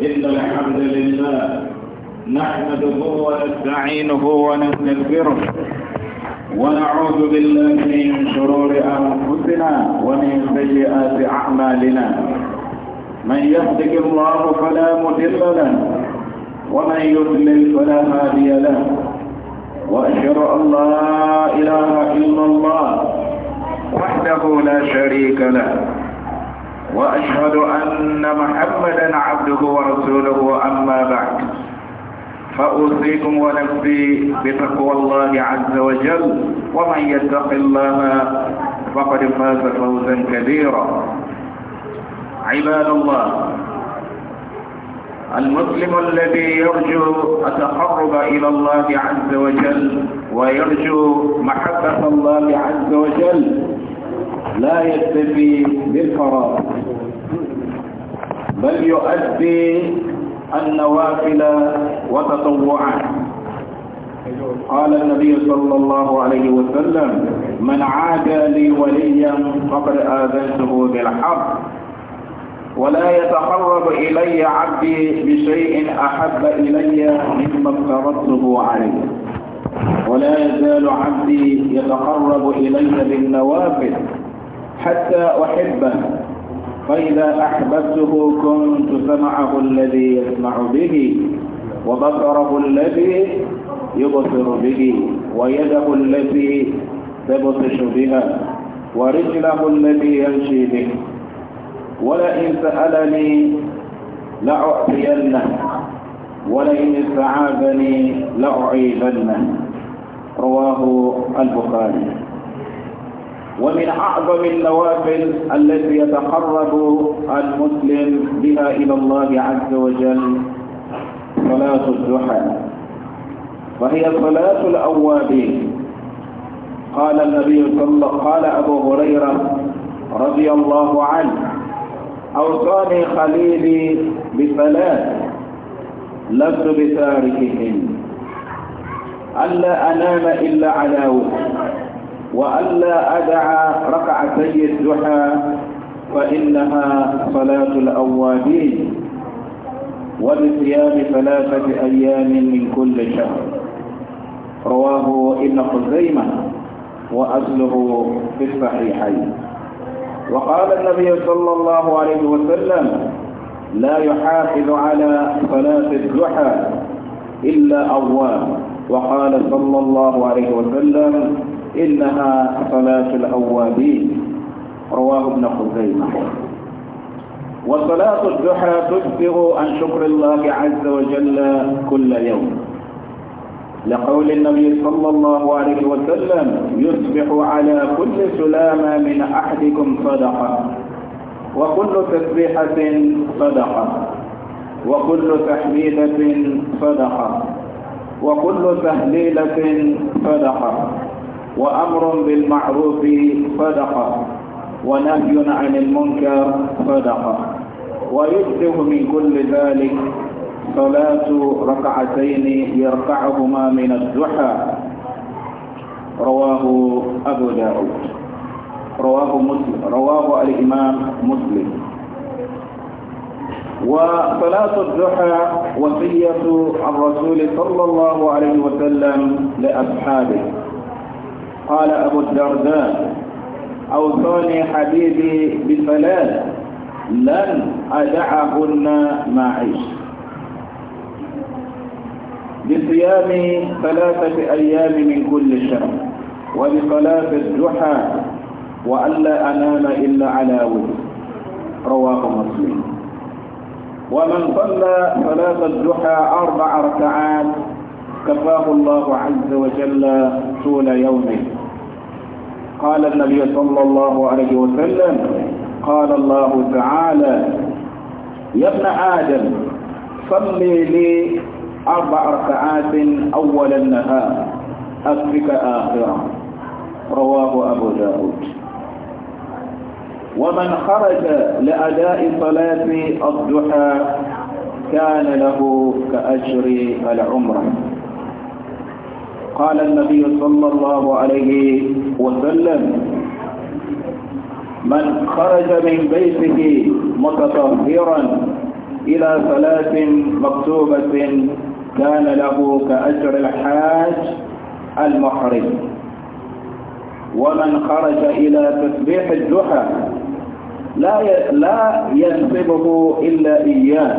إن الحمد لله نحمده ونستعينه ونستغفره ونعوذ بالله من شرور أنفسنا ومن سيئات أعمالنا من يهدك الله فلا مضل له ومن يضلل فلا هادي له وأشهد أن لا إله إلا الله وحده لا شريك له وأشهد أن محمدا عبده ورسوله أما بعد فأوصيكم ونفسي بتقوى الله عز وجل ومن يتق الله فقد فاز فوزا كبيرا عباد الله المسلم الذي يرجو التقرب إلى الله عز وجل ويرجو محبة الله عز وجل لا يكتفي بل يؤدي النوافل وتطوعا قال النبي صلى الله عليه وسلم من عاد لي وليا فقد آذنته بالحق ولا يتقرب إلي عبدي بشيء أحب إلي مما افترضته عليه ولا يزال عبدي يتقرب إلي بالنوافل حتى أحبه فإذا أحببته كنت سمعه الذي يسمع به وبصره الذي يبصر به ويده التي تبطش بها ورجله التي يمشي به ولئن سألني لأعطينه ولئن استعاذني لأعيذنه رواه البخاري ومن أعظم النوافل التي يتقرب المسلم بها إلى الله عز وجل صلاة الزحى وهي صلاة الأوابين قال النبي صلى قال أبو هريرة رضي الله عنه أوصاني خليلي بثلاث لست بتاركهن ألا أنام إلا على وجه وألا أدع ركعتي الدحى فإنها صلاة الأوابين وبصيام ثلاثة أيام من كل شهر رواه ابن خزيمة وأصله في الصحيحين وقال النبي صلى الله عليه وسلم لا يحافظ على صلاة الدحى إلا أواب وقال صلى الله عليه وسلم إنها صلاة الأوابين رواه ابن خزيمة وصلاة الضحى تسبغ عن شكر الله عز وجل كل يوم لقول النبي صلى الله عليه وسلم يصبح على كل سلامة من أحدكم صدقة وكل تسبيحة صدقة وكل تحميدة صدقة وكل تهليلة صدقة وأمر بالمعروف صدقة ونهي عن المنكر صدقة ويجزه من كل ذلك صلاة ركعتين يركعهما من الزحى رواه أبو داود رواه مسلم رواه الإمام مسلم وصلاة الزحى وصية الرسول صلى الله عليه وسلم لأصحابه قال أبو الدرداء أوصاني حبيبي بثلاث لن أدعهن معي بصيام ثلاثة أيام من كل شهر وبصلاة الضحى وألا أنام إلا على وجه رواه مسلم ومن صلى صلاة الضحى أربع ركعات كفاه الله عز وجل طول يومه قال النبي صلى الله عليه وسلم قال الله تعالى يا ابن آدم صلي لي أربع ركعات أول النهار أفرك آخرة رواه أبو داود ومن خرج لأداء صلاة الضحى كان له كأجر العمرة قال النبي صلى الله عليه وسلم من خرج من بيته متطهرا إلى صلاة مكتوبة كان له كأجر الحاج المحرم ومن خرج إلى تسبيح الضحى لا لا ينصبه إلا إياه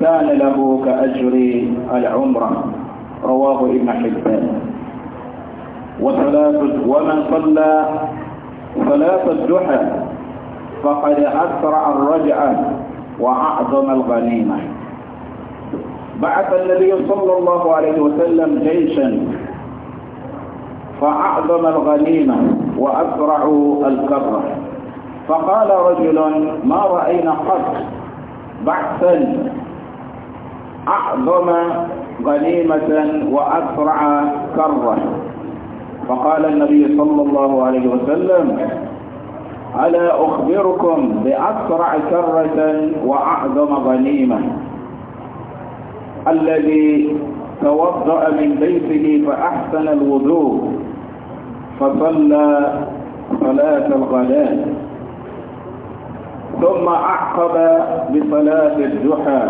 كان له كأجر العمرة رواه ابن حبان وثلاث ومن صلى ثلاث الدحى فقد أسرع الرجعة وأعظم الغنيمة بعث النبي صلى الله عليه وسلم جيشا فأعظم الغنيمة وأسرع الكرة فقال رجل ما رأينا قط بعثا أعظم غنيمة وأسرع كرة فقال النبي صلى الله عليه وسلم ألا أخبركم بأسرع كرة وأعظم غنيمة الذي توضأ من بيته فأحسن الوضوء فصلى صلاة الغداء ثم أعقب بصلاة الضحى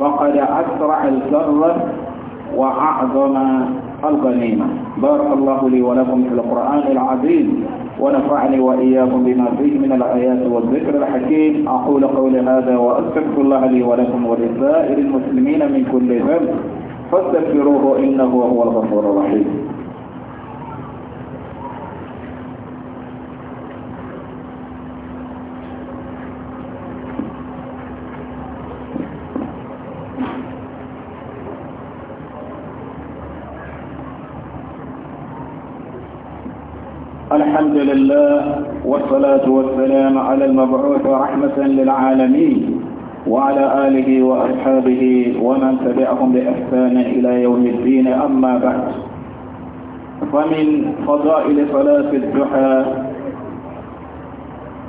فقد أسرع الكرة وأعظم الغنيمة بارك الله لي ولكم في القرآن العظيم ونفعني وإياكم بما فيه من الآيات والذكر الحكيم أقول قولي هذا وأستغفر الله لي ولكم ولسائر المسلمين من كل ذنب فاستغفروه إنه هو الغفور الرحيم الحمد لله والصلاة والسلام على المبعوث رحمة للعالمين وعلى آله وأصحابه ومن تبعهم بإحسان إلى يوم الدين أما بعد فمن فضائل صلاة الضحى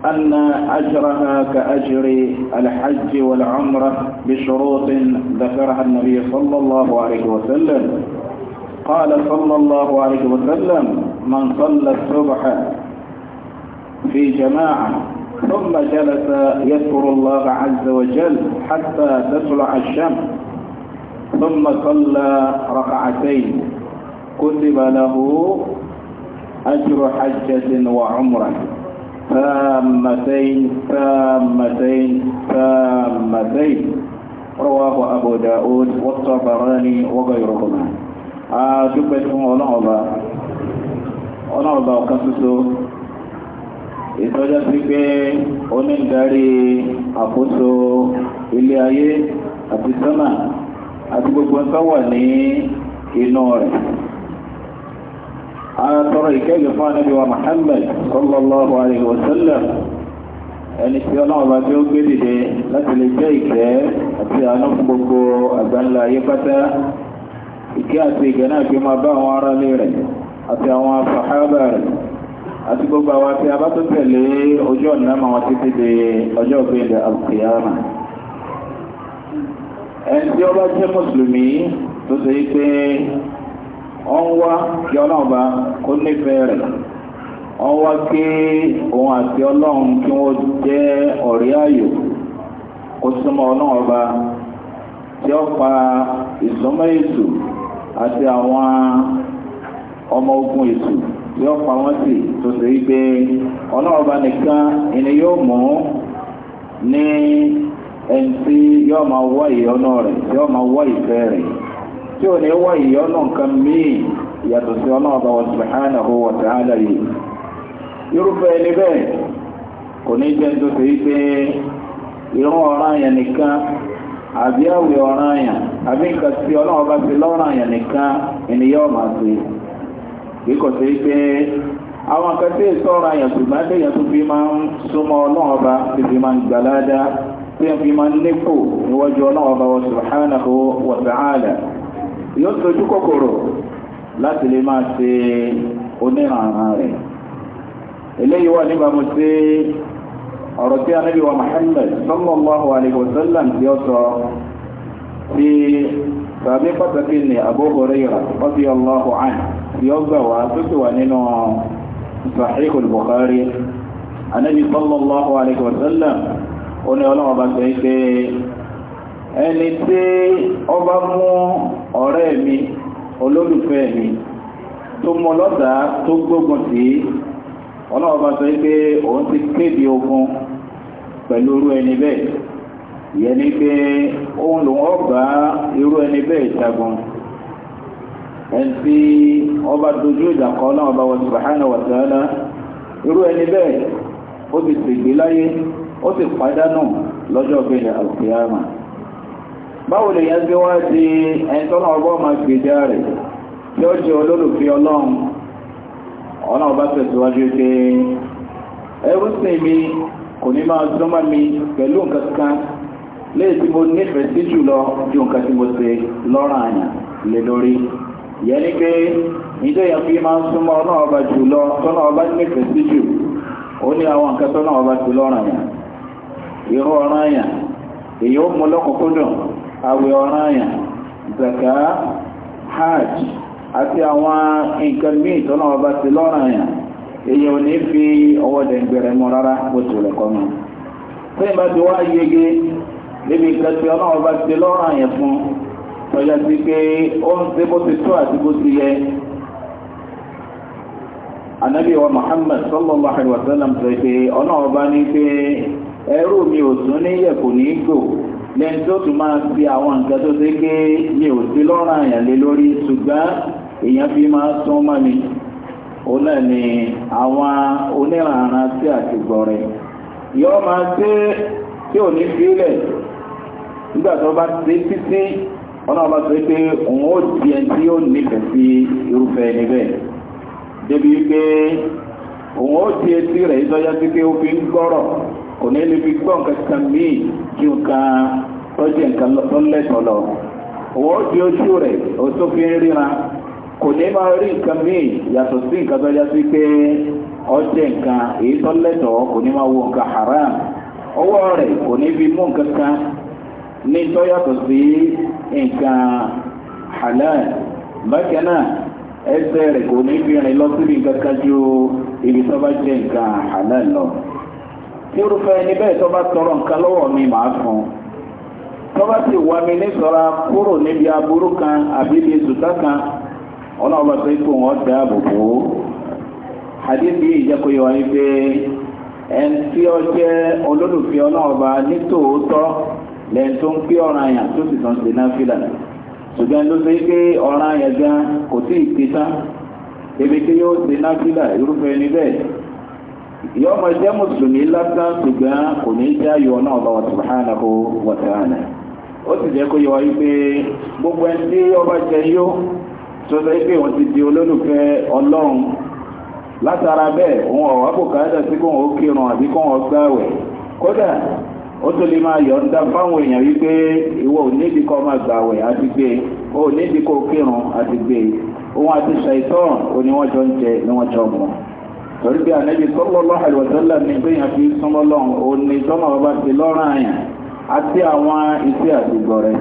أن أجرها كأجر الحج والعمرة بشروط ذكرها النبي صلى الله عليه وسلم قال صلى الله عليه وسلم من صلى الصبح في جماعة ثم جلس يذكر الله عز وجل حتى تطلع الشمس ثم صلى ركعتين كتب له أجر حجة وعمرة تامتين تامتين تامتين رواه أبو داود والطبراني وغيرهما أدبتهم آه، الله ọlọ́ọ̀bá ọ̀kan ṣoṣo ìtọ́jọ́ sí pé ó ní darí àkóso ilé ayé àti sánmà àti gbogbo ń sáwà ní inú rẹ̀ a tọrọ ìkẹ́gbẹ̀ fún anábí wa Muhammad sallallahu alaihi wasallam ẹni tí ọlọ́ọ̀bá tí ó gbé dìde láti lè jẹ́ ìkẹ́ àti àánú fún gbogbo àgbáńlá ayé pátá ìkẹ́ àti ìgẹ̀ náà fi máa bá àwọn ará lé rẹ̀ àti àwọn sàhábà rẹ̀ àti gbogbo àwọn àti abá tó tẹ̀lé ojú ọ̀nà máa di ọjọ́ ìgbéǹde alkiyama ẹni tí ó bá jẹ́ mùsùlùmí tó ṣe pé ó wá kí ọlọ́run kó nífẹ̀ẹ́ rẹ̀ ó wá kí òun àti ọlọ́run kí wọ́n jẹ́ ọ̀rẹ́ ayò kó súnmọ́ ọba tí ó pa ìsúnmọ́ èṣù àti ọmọ ogun èṣù yóò pa wọ́n sí tó ṣe é pé ọlọ́run bá nìkan ìní yóò mú ní ẹni tí yóò máa wọ ìyọ́nà rẹ̀ yóò máa wọ ìfẹ́ rẹ̀ tí ò ní wọ ìyọ́nà nǹkan míì yàtọ̀ sí ọlọ́run bá wọn subhanahu wa ta'ala yìí irúfẹ́ ẹni bẹ́ẹ̀ kò ní jẹ́ tó ṣe é pé ìran ọ̀ràn yẹn nìkan àbí àwẹ̀ ọ̀ràn yẹn àbí nǹkan tí ọlọ́run ti lọ́ràn yẹn nìkan ìní yóò máa ṣe kíkọ̀ sí pé àwọn kan tí èso ọ̀rọ̀ àyàn ṣùgbọ́n tí èyàn tó fi máa ń súnmọ́ ọlọ́run ọba tí fi máa ń gbà ládàá tí èyàn fi máa ń nípò níwájú ọlọ́run ọba wa subhanahu wa ta'ala yóò tójú kòkòrò láti lè máa ṣe oníranran rẹ̀ eléyìí wà níbàámu sí ọ̀rọ̀ tí anábì wa Muhammad sallallahu alayhi tí ó sọ ti sàbí pàtàkì ní Abu Hurairah radiyallahu anhu fiyogba wa soso wa ninu fa'ihul-bukhari a na-ebi sallallahu ariku wasu-illam o ni alamu obasa yi ke eni te o ba mu ore mi olorife mi tun mu lota tun gbogboci alamu obasa yi ke ohun ti tebi okun peluru eni bee Yenike ke ohun lo opu iru eni bee jagun ẹ̀ntì ọba dojú ìjà kọ́ náà ọba wa subhanahu wa ta'ala irú ẹni bẹ́ẹ̀ ó ti ṣègbè láyé ó ti pàdánù lọ́jọ́ ìgbẹ̀lẹ̀ àlùkìyàmà báwo lè yẹn tí wọ́n ti ẹni tọ́nà ọgbọ́ ma gbèjà rẹ̀ tí ó jẹ́ olólùfẹ́ ọlọ́run ọ̀nà ọba tẹ̀síwájú pé ẹrúsìn mi kò ní máa súnmọ́ mi pẹ̀lú nǹkan kan léè tí mo nífẹ̀ẹ́ sí jùlọ ju nǹkan tí mo ṣe àyàn yẹn ni pé ìjọ yẹn fi máa ń súnmọ́ ọ̀nà ọba jùlọ tọ́nà ọba nífẹ̀ẹ́ sí jù ó ní àwọn nǹkan tọ́nà ọba jùlọ ọ̀ràn yẹn irú ọ̀ràn èyí ó mú lọ́kùnkúndùn àwẹ̀ ọ̀ràn zaka hajj àti àwọn nǹkan míì tọ́nà ọba ti lọ́ràn èyí ò ní fi ọwọ́ rárá bó kọ́ mi. sẹ́yìn bá ti wá yege níbi nǹkan tí fún tọ́já sí pé ó ń ṣe bó ti tó àti bó ti yẹ anabi wa muhammad sallallahu sọ pé ọ̀nà ọba ní pé mi ò tún ní yẹ̀kù ní tó tún máa fi àwọn nǹkan tó pé mi ò sí lọ́rùn àyàn lé lórí ṣùgbọ́n èèyàn mi ó náà àwọn sí máa tí ò ní nígbà tó bá wọn náà bá sọ pé òun ó di ẹni tí ó nífẹ̀ẹ́ sí irúfẹ́ ẹni bẹ́ẹ̀ débi pé òun ó di etí rẹ̀ ìtọ́já sí pé ó fi ń gbọ́rọ̀ kò ní lè fi gbọ́ nǹkan kan míì kí nǹkan tọ́jú nǹkan tó lẹ́tọ̀ọ́ lọ òun ó di ojú rẹ̀ ó tó fi ń ríran kò ní máa rí nǹkan míì yàtọ̀ sí nǹkan tọ́já sí pé ọjẹ́ nǹkan èyí tó lẹ́tọ̀ọ́ kò ní máa wo nǹkan haram ọwọ́ rẹ̀ kò ní fi mú nǹkan kan ní tọ́yàtọ̀ sí nǹkan halal bákan náà ẹsẹ̀ rẹ̀ kò ní fi lọ ibi tó bá jẹ́ nǹkan halal lọ. tí irúfẹ́ ẹni bẹ́ẹ̀ tó tọrọ nǹkan lọ́wọ́ mi màá fún tó bá sì kúrò níbi aburú kan àbí ibi kan tó àdébí ìjẹ́kọ̀ọ́ yọ̀ wáyé pé ẹni tí ó jẹ́ olólùfẹ́ nítòótọ́. lẹ́yìn tó ń pé ọ̀ràn àyàn tó sì tán ṣe ṣùgbọ́n ló ṣe pé ọ̀ràn àyàn gan kò tí ì ké tán ebi tí yóò ṣe náfìlà irúfẹ́ ẹni bẹ́ẹ̀ yóò mọ mùsùlùmí lásán ṣùgbọ́n kò ní í jẹ́ ayọ̀ náà lọ́wọ́ gbogbo ẹni tí ọba jẹ yó tó ṣe pé òun ti di olólùfẹ́ ọlọ́run látara bẹ́ẹ̀ òun ọ̀wá bùkátà sí ó kírun àbí ó tó lè máa yọ̀ ń dá fáwọn èèyàn wípé ìwọ ò níbi kọ́ máa gbààwẹ̀ àti gbé e. o ò níbi kó kírun àti gbé òun e. àti ṣàìtàn òní wọ́n jọ ń jẹ ni wọ́n jọ mọ̀ torí bí ànábi sallallahu alaihi wasallam ní pé èèyàn fi súnmọ́ lọ́hùn òun ni tọ́mọ̀ bàbá ti lọ́rùn àyàn àti àwọn iṣẹ́ àdúgbò rẹ̀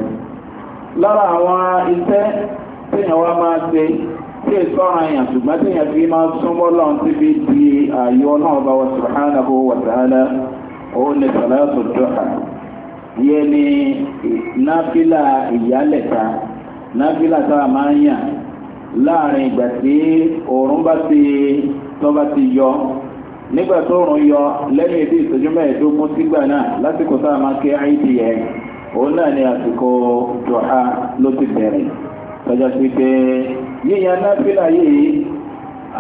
lára àwọn iṣẹ́ téèyàn wá máa ṣe tí èso ara èèyàn ṣùgbọ́n téèyàn fi máa súnmọ́ lọ́hùn wa subhanahu wa ta'ala òun ni sọ̀láàtò dọ́kà yẹ ni náfìlà ìyálẹ̀ta náfìlà sábà máa ń yàn láàrin ìgbà tí òòrùn bá ti tó bá ti yọ nígbà tó òòrùn yọ lẹ́yìn ibi ìṣẹ́jú mẹ́ẹ̀ẹ́dógún sígbà náà lásìkò sábà máa ké àìdí yẹn òun náà ni àsìkò dọ́kà ló ti bẹ̀rẹ̀ tọ́jà sí pé yíyan náfìlà yìí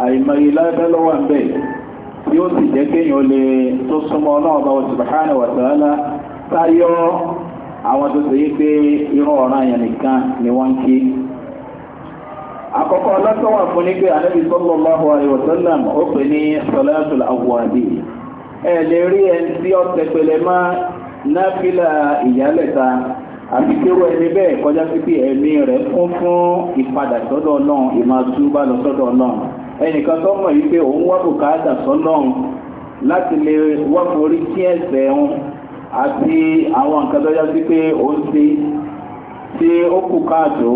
àìmọye lábẹ́ lọ́wọ́ ń bẹ̀rẹ̀ yóò sì jẹ́ kéèyàn lè tó súnmọ́ náà bá wọn subhanahu wa ta'ala táyọ àwọn tó ṣe yí pé irun ọ̀ràn yẹn nìkan ni wọ́n ń kí. àkọ́kọ́ ọlọ́sọ̀wà fún ní pé ànábì sallallahu alaihi wasallam ó pè ní salatul awwabi ẹ lè rí ẹni tí ó tẹpẹlẹ mọ́ náfìlà ìyálẹ̀ta àti kéwọ́ ẹni bẹ́ẹ̀ kọjá sí pé ẹ̀mí rẹ̀ kún fún ìpadà sọ́dọ̀ náà ìmọ̀ àtúbà lọ ẹnìkan tó mọ̀ yìí pé òun wá bùkátà sọ́nà láti lè wá forí sí ẹ̀ṣẹ̀ wọn àti àwọn nǹkan tó yá sí pé ó ń ṣe tí ó kù káàtó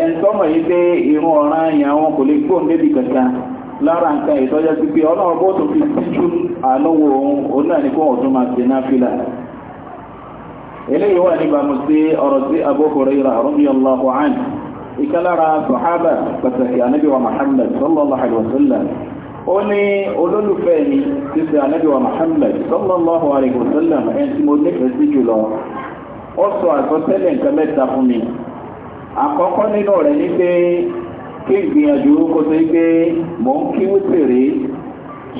ẹni tó mọ̀ pé irun ọ̀ràn àyàn wọn kò lè gbóhùn débi kankan lára nǹkan ìtọ́já sí pé ọlọ́run bó tó fi síjú àánúwò òun òun náà ní kó òun tó ìkálára sọ̀hábà pàtàkì ànábì wa Muhammad sallallahu alaihi wa sallam ó ní olólùfẹ́ mi ti sẹ ànábì wa Muhammad sallallahu alaihi wa sallam ẹni tí mo nífẹ̀ẹ́ sí jùlọ ó sọ àsọtẹ́lẹ̀ nǹkan mẹ́ta fún mi àkọ́kọ́ nínú rẹ̀ ní pé kí ìgbìyànjú kó tó pé mò ń kí wípèrè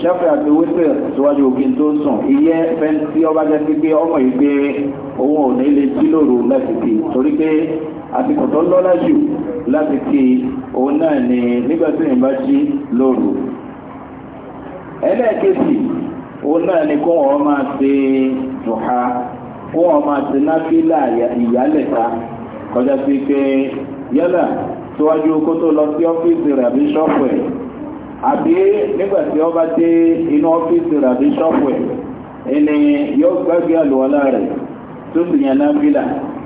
ṣẹ́fẹ̀ àti wípè síwájú òkè tó sùn iye fẹ́ntì ọba jẹ́ pé ọmọ yìí pé òun ò ní lè jí lóru lẹ́sìkì torí pé àsìkò tó lọ́lá jù láti kí òun náà ni nígbà tí èèyàn bá jí lóru ẹlẹ́ẹ̀kejì òun náà ni kó wọn máa ṣe dùhà kó wọn máa ṣe náfìlà ìyálẹ̀ta kọjá sí pé yálà síwájú kó tó lọ sí ọ́fíìsì rẹ̀ àbí ṣọ́ọ̀fù ẹ̀ àbí nígbà tí ó bá dé inú ọ́fíìsì rẹ̀ àbí ṣọ́ọ̀fù ẹ̀ ẹni yóò gbàgbé àlùwọ́lá rẹ̀ tó sì yàn náfìlà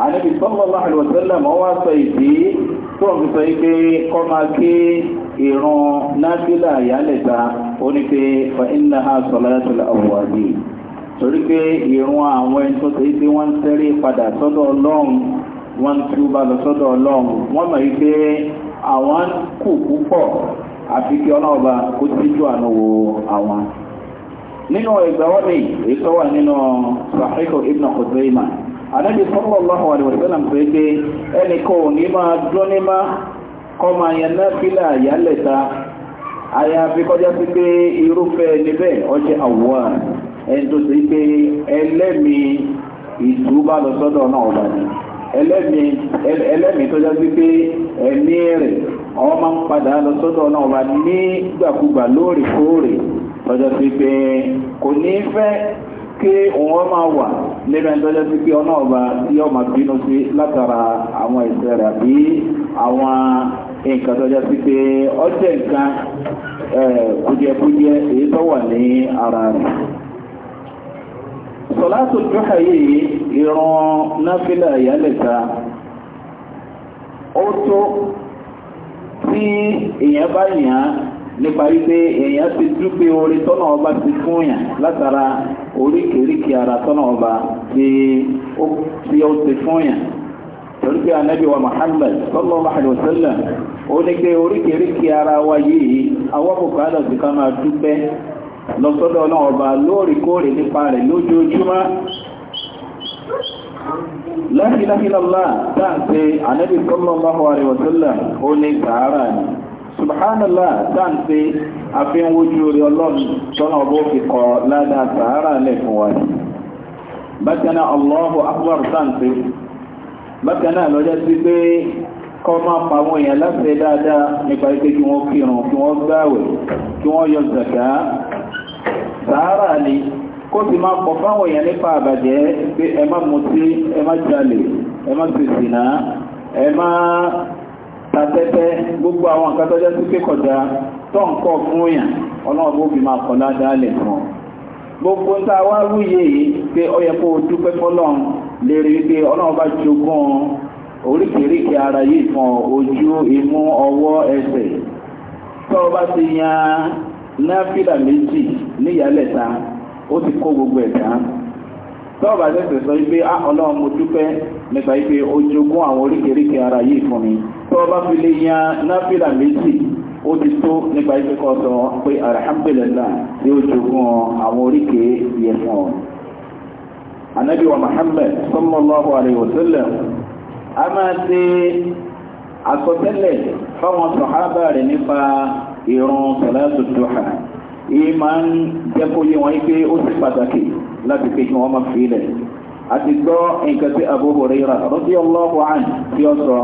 ànábì sallallahu alaihi wasallam wá sọ ìdí tó ń sọ pé kọ́ máa ké ìrun náfìlà ìyálẹ̀ta ó ní pé fa innaha salatul awwabin torí pé ìrun àwọn ẹni tó ṣe é pé wọ́n ń tẹ́rí padà sọ́dọ̀ ọlọ́run wọ́n ń túbà lọ sọ́dọ̀ ọlọ́run wọ́n mọ̀ wípé àwọn kù púpọ̀ àfi kí ọlọ́ọ̀ba kó tíjú àánú wo àwọn. nínú ìgbà wọ́n mi èyí tó wà nínú Sahihu Ibn Khuzaimah ànábì sallallahu alaihi wa sallam pé pé ẹnìkan ò ní máa dún ní má kọ́ máa yan náfìlà àyálẹ̀ta àyàfi kọjá sí pé irúfẹ́ níbẹ̀ ọjẹ́ àwòrán ẹni tó ṣe pé ẹlẹ́mìí ìtúbà lọ sọ́dọ̀ náà ọ̀dà ni ẹlẹ́mìí tó jásí pé ẹ̀mí rẹ̀ ọmọ máa ń padà lọ sọ́dọ̀ náà wà nígbàkúgbà lóòrèkóòrè tọ́jọ́ sí pé kò ní fẹ́ kí òun máa wà lẹ́nu ẹ̀ńtọ́jọ́ sí pé ọ̀nà ọba tí ọmọ bínú sí látara àwọn ẹ̀ṣẹ̀ rẹ̀ àbí àwọn nǹkan tọ́jọ́ sí pé ọjọ́ nǹkan kùjẹkùjẹ èyí tó wà ní ara rẹ̀. sọ̀látò jọ́ka yìí ìran náfílà ìyálẹ̀ta ó tó tí èèyàn bá yàn án nípa wípé èèyàn ti dúpẹ́ orí tọ́nà ọba ti fún yàn látara oríkèéríkèé ara tọ́nà ọba tí ó ti fún yàn torí pé anabi wa Muhammad sallallahu alaihi wa sallam ó ní pé oríkèéríkèé ara wa yìí àwọn bùkátà ti ká máa dúpẹ́ lọ́sọ́dọ̀ náà ọba lóòrèkóòrè nípa rẹ̀ lójoojúmọ́ la ilaha illallah táà ń pe anabi sallallahu subhanallah dáǹtẹ àfihànwójú orí ọlọ́run tọ́nà ọ̀bọ̀ fi kọ́ ládàá sàárà lẹ̀ fún wa ni bákan náà allahu akbar dáǹtẹ bákan náà lọ́jọ́ sí pé kọ́ máa pa àwọn èèyàn láti dáadáa nípa ike kí wọ́n kírun kí wọ́n gbáwẹ̀ kí wọ́n yọ zàkà sàárà ni kó sì máa pọ̀ fáwọn èèyàn nípa àbàjẹ́ pé ẹ má mutí ẹ má jalè ẹ má ṣèṣìnà ẹ má. tàtẹ́tẹ́ gbogbo àwọn nǹkan tó jẹ́ sí kọja kọjá tó ń kọ́ fún èèyàn ọlọ́run bó máa ládàá fún gbogbo tá a wá wúyè yìí pé ó yẹ kó o dúpẹ́ fọlọ́run lè rí pé ọlọ́run bá jogún ara yìí fún ojú imú ọwọ́ ẹsẹ̀ o ti yan gbogbo ẹ̀ tọ́ọ̀bà tẹ̀sẹ̀ sọ wípé á ah, ọlọ́run mo dúpẹ́ nípa wípé ó jogún àwọn oríkèéríkèé ara yìí fún mi tọ́ọ̀bà fi lè yan náfìlà méjì ó ti tó nípa wípé kọ́ sọ pé alhamdulillah yóò jogún àwọn oríkèé yẹ fún ọ. anabi wa muhammad sallallahu alayhi wa sallam a máa ṣe àsọtẹ́lẹ̀ fáwọn sọ̀hábà rẹ̀ nípa ìrun sọ̀lá tuntun ha ìyí máa ń jẹ́ kó yé wọn wípé ó sì pàtàkì láti pé kí wọ́n máa fi ilẹ̀ àti gbọ́ nǹkan tí Abu Hurairah radiyallahu anhu tí ó sọ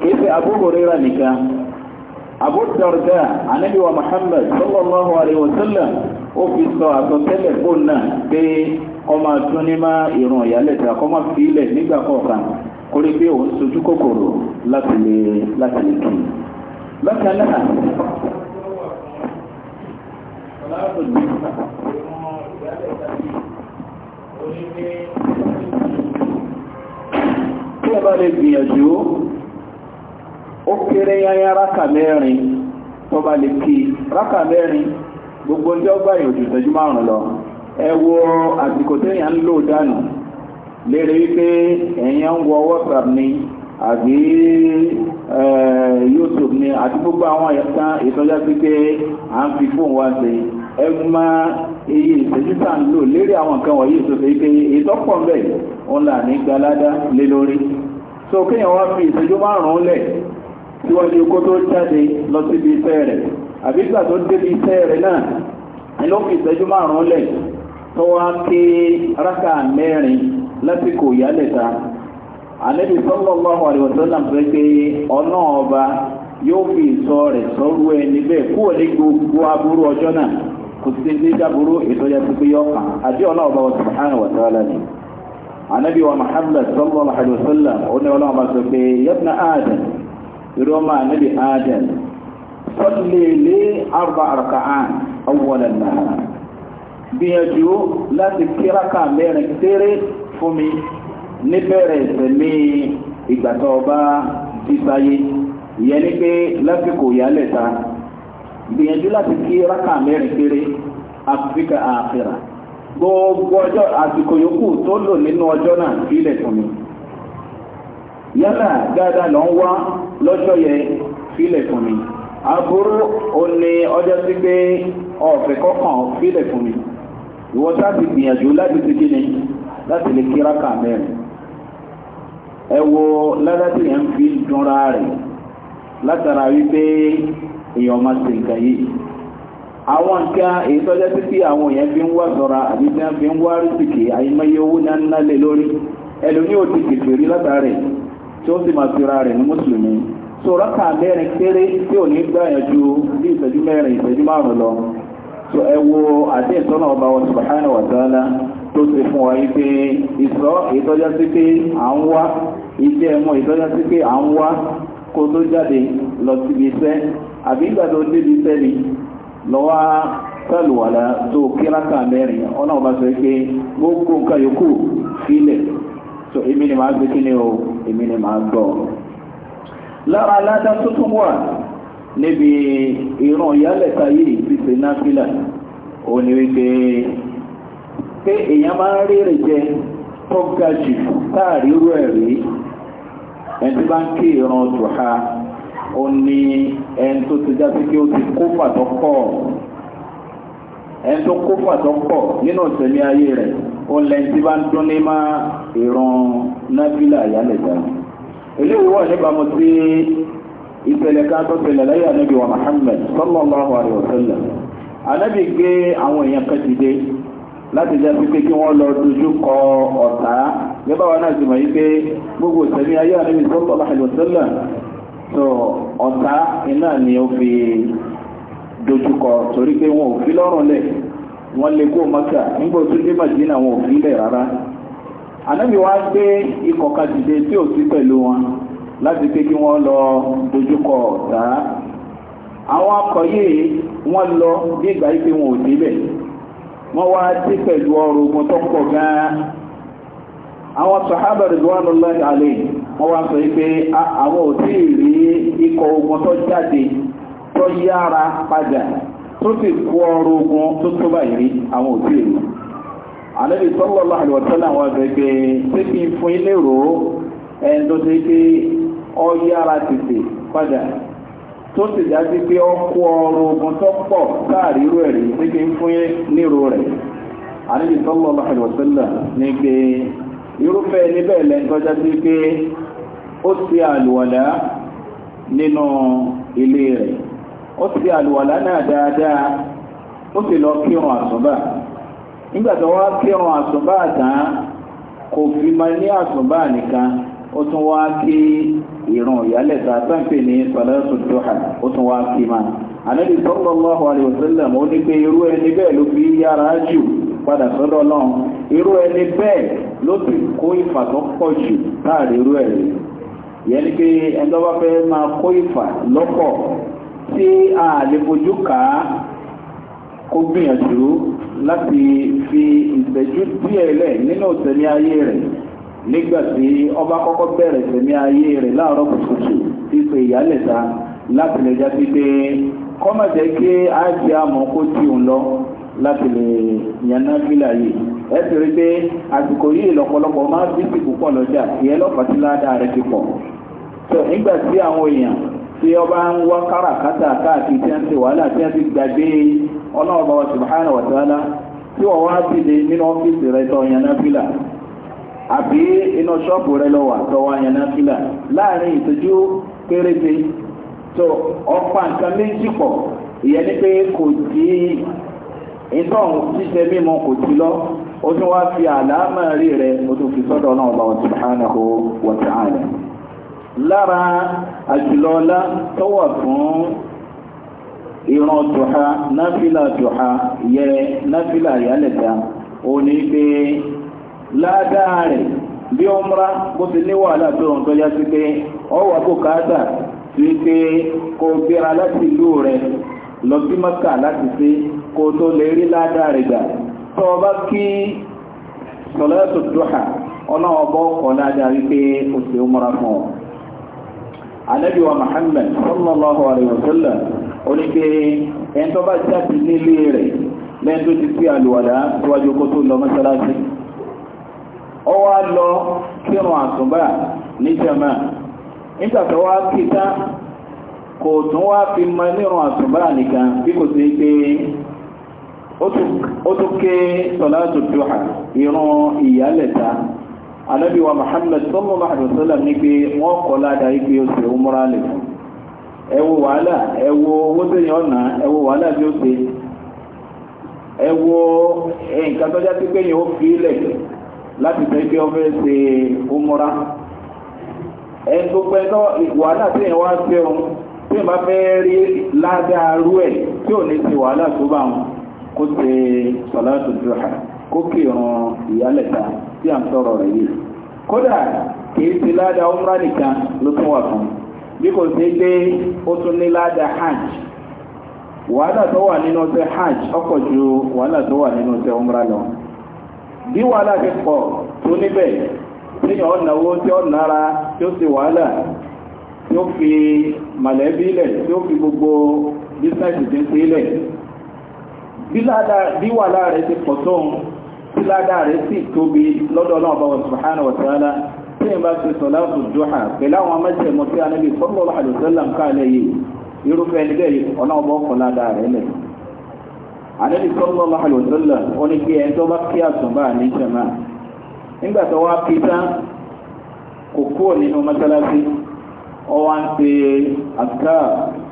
kìí ṣe Abu Hurairah nìkan Abu Darda anabi wa Muhammad sallallahu alayhi wa sallam ó fi sọ àsọtẹ́lẹ̀ fóun náà pé kọ́ máa tún ní má ìrùn ìyálẹ̀ta kọ́ máa fi ilẹ̀ nígbà kọ̀ọ̀kan kórí pé òun sojú kòkòrò láti lè láti lè kí bákan náà Thank you tí ẹ bá lè gbìyànjú ó kéré yányá rákà mẹ́rin tó bá lè kí rákà mẹ́rin gbogbo ọjọ́ gbà yóò ju ìṣẹ́jú márùn-ún lọ ẹ wo àsìkò téèyàn ń lò dànù léèrè wípé ẹ̀yàn ń wọ whatsapp ni àbí youtube ni àti gbogbo àwọn ẹ̀ka ìtọ́jà sí pé à ń fi fóònù wá sí E ma eyi ń lò lérí àwọn nǹkan wọ̀nyí tó fi pé ìtọ́pọ̀ bẹ́ẹ̀ so kéèyàn wá fi ìṣẹ́jú márùn-ún lẹ̀ síwájú kó tó jáde lọ síbi iṣẹ́ rẹ̀ àbí ìgbà tó débi iṣẹ́ rẹ̀ náà ni ló fi ìṣẹ́jú márùn-ún lẹ̀ tó wá ké rákà mẹ́rin lásìkò ìyálẹ̀ta àlẹ́bí yóò fi ìsọ kúrò ní gbogbo aburú kò sí ilé dábúrú ìtọ́jà pípé yọ kàn àti ọ̀nà ọba wa subhanahu wa ta'ala ni anabi wa muhammad sallallahu alayhi wa sallam ó ní ọlọ́run bá sọ pé yabna adam irọ́ máa níbi adam sọ́lé lé arba arka'an awwalan nahar gbìyànjú láti kíraka mẹ́rin kéré fún mi níbẹ̀rẹ̀ ìsẹ̀mí ìgbàtọ̀ ọba jísáyé ìyẹn ni pé lásìkò ìyálẹ̀ta gbìyànjú láti kí rákà mẹ́rin péré áfíríkà àfẹ́rà gbogbo ọjọ́ àsìkò yòókù tó lò nínú ọjọ́ náà sílẹ̀ fún mi yálà dáadáa lọ ń wá lọ́jọ́ yẹn sílẹ̀ fún mi aburú òní ọjọ́ sí pé ọ̀fẹ́ kọ̀ọ̀kan sílẹ̀ fún mi ìwọ sáà ti gbìyànjú láti ti kí ni láti lè kí rákà mẹ́rin ẹ wo ládàtì yẹn fi dúnra rẹ̀ látara wípé èèyàn máa ṣe nǹkan yìí àwọn nǹkan èyí tó jẹ́ títí àwọn èèyàn fi ń wá sọ̀ra àbí tí wọ́n fi ń wá rìsìkì àyímáyé owó ní àná lé lórí ẹlòmíì ò ti kèfè rí látàrí tí ó sì máa fira rẹ̀ ní mùsùlùmí sọ̀rọ̀ kà mẹ́rin kéré tí ò ní gbàyàn ju bí ìṣẹ́jú mẹ́rin ìṣẹ́jú márùn-ún lọ so ẹ wo àdéhùn tọ́nà ọba wa subhanahu wa ta'ala tó ti fún wa yìí pé ìsọ́ ìtọ́já sí pé à ń wá ìjẹ́ ẹ̀mọ́ ìtọ́já sí pé à ń wá kó tó jáde lọ síbi iṣẹ́ àbí ìgbà tó débi sẹ́ni lọ́wọ́ sálùwàlá tó kíráka mẹ́rin ọ̀nà ọba sọ pé gbogbo nǹkan yòókù sílẹ̀ tó èmi ni màá gbé kí ni o èmi ni màá gbọ́ lára aládá tuntun wà níbi ìran ìyálẹ̀ka yìí ti ṣe náfìlà ó ní wípé pé èèyàn máa ń rírì jẹ tó ga jù táàrí rú ẹ̀rí ẹni tí bá ń kí ìran dùhà ó ní ẹni tó ti já sí pé ó ti kó fàtọ́ pọ̀ ẹni tó kó fàtọ́ pọ̀ nínú ìṣẹ̀lẹ̀ ayé rẹ̀ ó lẹ́ni tí bá ń dún ní má ìran nábìlà ìyálẹ̀jà eléyìí wọ̀ níbàámu sí ìṣẹ̀lẹ̀ kan tó ṣẹlẹ̀ láyé ànábì wa Muhammad sallallahu alayhi wa sallam ànábì gbé àwọn èèyàn kan dìde láti jẹ́ pípé kí wọ́n lọ dojú kọ ọ̀tá gbẹ́bàá wa náà sì mọ̀ yí pé gbogbo ìṣẹ̀lẹ̀ ayé ànábì sallallahu alayhi wa sallam so ọ̀tá iná ni ó fi dojúkọ torí pé wọn ò fi lọ́rùn lẹ̀ wọ́n lè kó mọ́tà nígbà tó dé màdínà wọn ò fi lẹ̀ rárá anábì wá gbé ikọ̀ kan tí ò sí pẹ̀lú wọn láti pé kí lọ dojúkọ ọ̀tá àwọn akọ̀ yìí wọ́n lọ bí ìgbà yìí pé wọn ò débẹ̀ wọ́n wá dé pẹ̀lú ọrùn ogun wọ́n wá sọ wípé àwọn ò tí ì rí ikọ̀ ogun tó jáde tó yára padà tó sì kú ọrọ̀ ogun tó tó báyìí rí àwọn ò tí ì rí àlẹ́bí sallallahu alaihi wasallam àwọn agbègbè tí kì í fún ilé rò ó ẹni tó ṣe pé ọ yára tètè padà tó sì dájú pé ọ kú ọrọ̀ ogun tó pọ̀ káàrí irú ẹ̀rí tí kì í fún nírò rẹ̀ àlẹ́bí sallallahu alaihi wasallam ní pé irúfẹ́ níbẹ̀ lẹ́ńtọ́já sí pé ó ti àlùwàlá nínú ilé rẹ̀ ó ti àlùwàlá náà dáadáa ó sì lọ kírun àsùnbà nígbà tó kírun àsùnbà tán kò fi máa ní àsùnbà nìkan ó tún wá kí ìrun ìyálẹ̀ta sáńpẹ̀ ní sọlẹ́sùn tó ó tún wá kí máa ànábì sallallahu alaihi wasallam ó ní pé irú ẹni bẹ́ẹ̀ ló fi yára jù padà sọ́dọ̀ náà irú ẹni bẹ́ẹ̀ ló ti kó pọ̀ jù láàrin irú ẹ̀rí yẹn ni pé ẹjọ́ bá fẹ́ máa kó ìfà lọ́pọ̀ tí a lè fojú kà á kó gbìyànjú láti fi ìṣẹ́jú díẹ̀ lẹ̀ nínú ìṣẹ̀mí ayé rẹ̀ nígbà tí ọba kọ́kọ́ bẹ̀rẹ̀ ìṣẹ̀mí ayé rẹ̀ láàárọ̀ kùtùkùtù tí ṣe ìyálẹ̀ta láti lè já sí pé kọ́mọ̀ jẹ́ kí á jẹ́ àmọ́ kó tí òun lọ láti lè yànnà fílà yìí ẹ sì rí pé àsìkò yìí lọ́pọ̀lọpọ̀ máa bí sí púpọ̀ lọ́jà ìyẹn lọ́pàá sí ládàá rẹ̀ ti pọ̀ tó tí àwọn èèyàn tí ọba ń wá káàkiri tí wọ́n ti wàhálà tí wọ́n ti gbàgbé ọlọ́ọ̀bá wa subhanahu wa ta'ala tí wọ́n wá sí lè nínú ọ́fíìsì rẹ̀ tó yan náfìlà àbí inú ṣọ́ọ̀bù rẹ̀ lọ wà tó wá yan láàrin ìtọ́jú péréte tó ọ̀pá nǹkan méjì pọ̀ ìyẹn ni pé kò tí ṣíṣe kò tí lọ fi rí tún fi sọ́dọ̀ lára àjùlọ ọlá tó wà fún ìran duha náfìlà duha yẹ náfìlà ìyálẹ̀ta òní pé ládàá rẹ̀ bí umra bó ti ní wàhálà tó tó yá sí pé ọwọ́ àbòkátà sí pé kò gbéra láti ìlú rẹ̀ lọ sí láti sí kò tó lè rí ládàá rẹ̀ gbà tó kí anabi wa muhammed sallallahu alayhi wa sallam oníke ẹni tó bá jáde nílé rẹ̀ lẹ́yìn tó ti fi àlùwàlá síwájú kó tó lọ mọ́sálásí ó wá lọ kírun àsùnbà ní jama nígbà tó wá kíta kò tún wá fi mọ nírun àsùnbà nìkan bí kò sí pé ó tún ké sọlá tó dùhà irun ìyálẹ̀ta anabi wa muhammed sallallahu alaihi wasallam ní pé wọ́n kọ́ ládàá yìí pé umra lè fún wàhálà ẹ owó tẹ̀yìn ọ̀nà ẹ wàhálà bí ó ṣe ẹ nǹkan tó jásí ọ ó fi ilẹ̀ láti sọ pé ó ṣe umra ẹ gbogbo ẹ náà wàhálà tẹ̀yìn wá ṣe òun tí ìbá fẹ́ rí ládàá rú ẹ̀ tí ò ní wàhálà tó tí à ń sọ̀rọ̀ rẹ̀ yìí kódà kìí ṣe ládàá umra nìkan ló tún wà fún bí kò ṣe pé ó tún ní ládàá hajj wàhálà tó wà nínú ọṣẹ hajj ọ̀pọ̀ ju wàhálà tó wà nínú ọṣẹ umra lọ bí wàhálà ti pọ̀ tó níbẹ̀ téèyàn ọ̀nàwó tí ọ̀nàra tí ó ṣe wàhálà tí ó fi màlẹ́bí lẹ̀ tí ó fi gbogbo bísíǹsì tí ń ṣe lẹ̀ bí wàhálà rẹ̀ ti pọ̀ tóun ládàá rẹ̀ sì tóbi lọ́dọ̀ náà bá wọn subhanahu wa ta'ala tí n bá ṣe sọ̀láàtù duha pẹ̀lú àwọn mẹ́tẹ̀ mọ́tí anábì sallallahu alaihi wasallam káàlẹ̀ yìí irúfẹ́ ẹni bẹ́ẹ̀ ọ̀nà ọba ọkọ̀ ládàá rẹ̀ lẹ̀. anábì sallallahu alaihi wasallam ó ní kí ẹni tó bá kí àtúnbà ní jàmá nígbà tó wá kí tán kò kúrò nínú mọ́sálásí ó ń pe àtúkà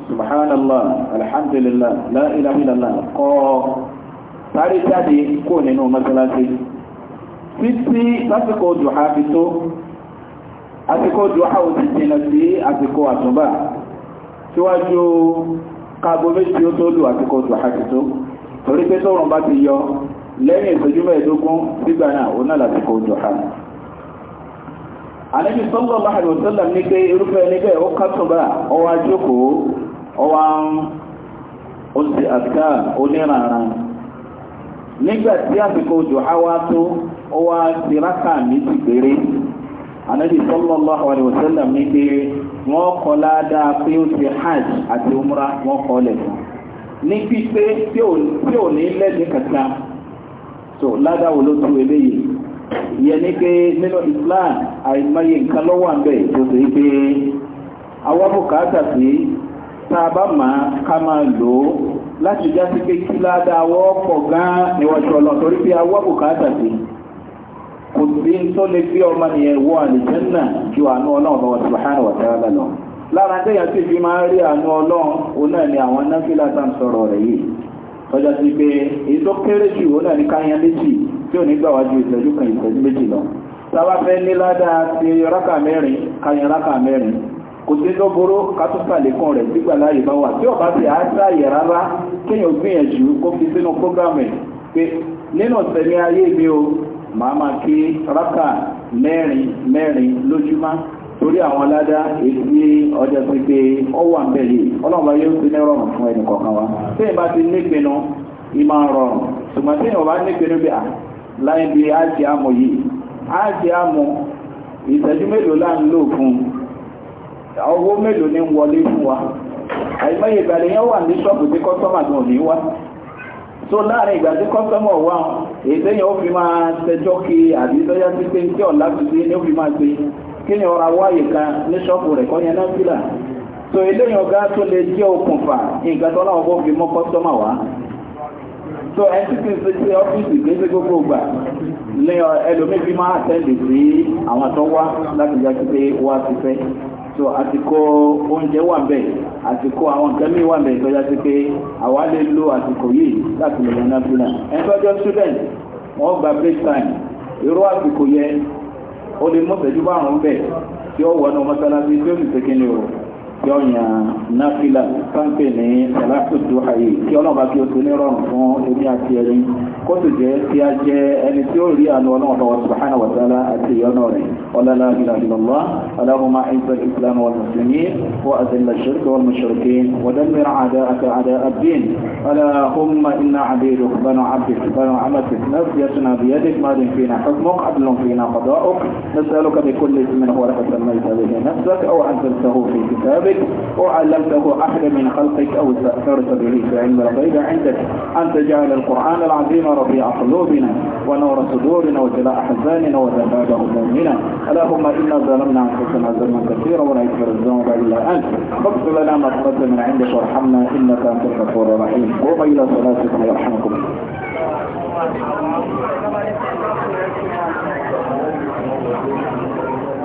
subhanallah alhamdulillah la ilaha kọ́ sáré jáde kó nínú mọ́sálásí títí lásìkò dùhà fi tó àsìkò dùhà ò ti si sí àsìkò àtúnbà síwájú káàbọ̀ ó tó lù àsìkò dùhà fi tó torí pé tóòrùn bá ti yọ lẹ́yìn ìṣẹ́jú mẹ́ẹ̀ẹ́dógún sígbà náà ó náà lásìkò dùhà ànábì sọ́gbọ́n bá nígbà tí àsìkò wá tó ó wá sí rákà méjì péré anabi sallallahu alayhi wa sallam pé wọ́n ládàá pé ó ti hajj àti umra wọn kọ́ lẹ̀ fún ní pípé tí ò ní lẹ́sìn kankan so ládàá wo ló tún eléyìí ní pé nínú islam àìmọye nǹkan lọ́wọ́ àbẹ̀ tó pé sí tá a bá máa ká láti já sí pé kí ládàá wọ́ pọ̀ gan-an níwájú ọlọ́run torí pé awọ́ bùkátà sí kò sí tó lè gbé ọmọ nìyẹn wọ àlùjànnà ju àánú ọlọ́run lọ́wọ́ subhanahu wa ta'ala lọ lára déyà sì fi máa rí àánú ọlọ́run òun náà ni àwọn náfìlà tá à ń sọ̀rọ̀ rẹ̀ yìí tọ́jà sí pé èyí tó kéré jù òun náà ní káyán méjì tí ò ní gbà wájú ìṣẹ́jú kan ìṣẹ́jú méjì lọ tá fẹ́ ní ládàá ti rákà mẹ́rin káyán rákà mẹ́rin kò sí lọ́gbọ́rọ́ kátúntà lẹ́kùn rẹ̀ gbígbà láàyè bá wà tí ọba ti àádá yẹ rárá kéèyàn gbìyànjú kó fi sínú prógrámù ẹ̀ pé nínú sẹ́mi ayé mi o màá máa kí rákà mẹ́rin mẹ́rin lójúmọ́ torí àwọn aládá èyí ọjọ́ sí pé ọ wà ń bẹ̀ yìí ọlọ́run yóò fi ní fún ẹnì kọ̀ọ̀kan wa tẹ́yìn bá ti nípinnu ìmọ̀ rọrùn ṣùgbọ́n tẹ́yìn ọba nípinnu bí láì bí á ti àmọ̀ yìí á ti àmọ̀ ìṣẹ́jú mélòó láà ń lò fún un ọwọ́ mélòó ní wọlé fún wa àìmọye ìgbàlẹ̀ yẹn wà ní ṣọ́ọ̀bù tí kọ́sọ́mà náà ní wá tó láàrin ìgbà tí kọ́sọ́mà wà èdè yẹn ó fi máa tẹjọ́ kí àbí tọ́já pé tí ní ó fi máa kí ni ọ̀rọ̀ kan ní rẹ̀ kọ́ yẹn náà sílà tó lè jẹ́ okùnfà nǹkan tó ti gbogbo máa so àsìkò oúnjẹ wà bẹ́ẹ̀ àsìkò àwọn nǹkan mìíràn wà bẹ́ẹ̀ tọ́já sí pé àwa lè lo àsìkò yìí láti lè yan náfìlà ẹni tọ́jọ́ student wọ́n gba break time irú àsìkò yẹn o lè mú ìṣẹ́jú márùn-ún bẹ́ẹ̀ tí ó wọ̀ ọ́ ní mọ́sálásí tí ó sì ṣe kí ni o. yọ̀nyà náfìlà sáńpẹ̀ ní ẹ̀láṣojú ayé kí ọlọ́ọ̀bá kí o tó ní rọrùn fún èmi àti ẹni kó sì jẹ́ tí a jẹ́ ẹni tí ó rí àánú ọlọ́ọ̀bá subhanahu wa ta'ala àti ìyọ́nà rẹ̀ ọlọ́lá ìlàlọ́lá aláhùnmá ìgbà islam wal muslimin wa azilla shirka wal mushrikin wa dammir a'da'aka a'da'a ad-din allahumma inna 'abduka banu 'abdika banu 'amatika nafsiyatuna biyadik madin fina hukmuk adlun fina qada'uk nas'aluka bi kulli ismin huwa laka sammayta bihi nafsak aw anzaltahu fi kitabik بفضلك وعلمته أحد من خلقك أو استأثرت به فعلم الغيب عندك أن تجعل القرآن العظيم ربيع قلوبنا ونور صدورنا وجلاء أحزاننا وذباب همومنا اللهم إنا ظلمنا أنفسنا ظلما كثيرا ولا يغفر الذنوب إلا أنت فاغفر لنا ما تقدم من عندك وارحمنا إنك أنت الغفور الرحيم قوم إلى صلاتكم يرحمكم Thank you.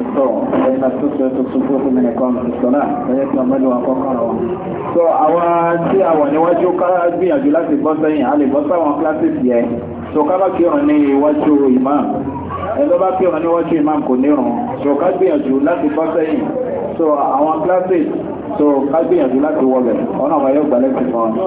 الصوم فإن السكرة الصفوف من إقامة الصلاة فيكملها فقرا so àwọn tí a wà níwájú kára gbìyànjú láti bọ́ sẹ́yìn a lè bọ́ sáwọn classes yẹn so ká bá kírun ní iwájú imam ẹ̀lọ́ bá kírun níwájú imam kò nírun so ká gbìyànjú láti bọ́ sẹ́yìn so àwọn classes so ká gbìyànjú láti wọlẹ̀ ọ̀nà àwọn yóò gbà lẹ́sìn fún ọ.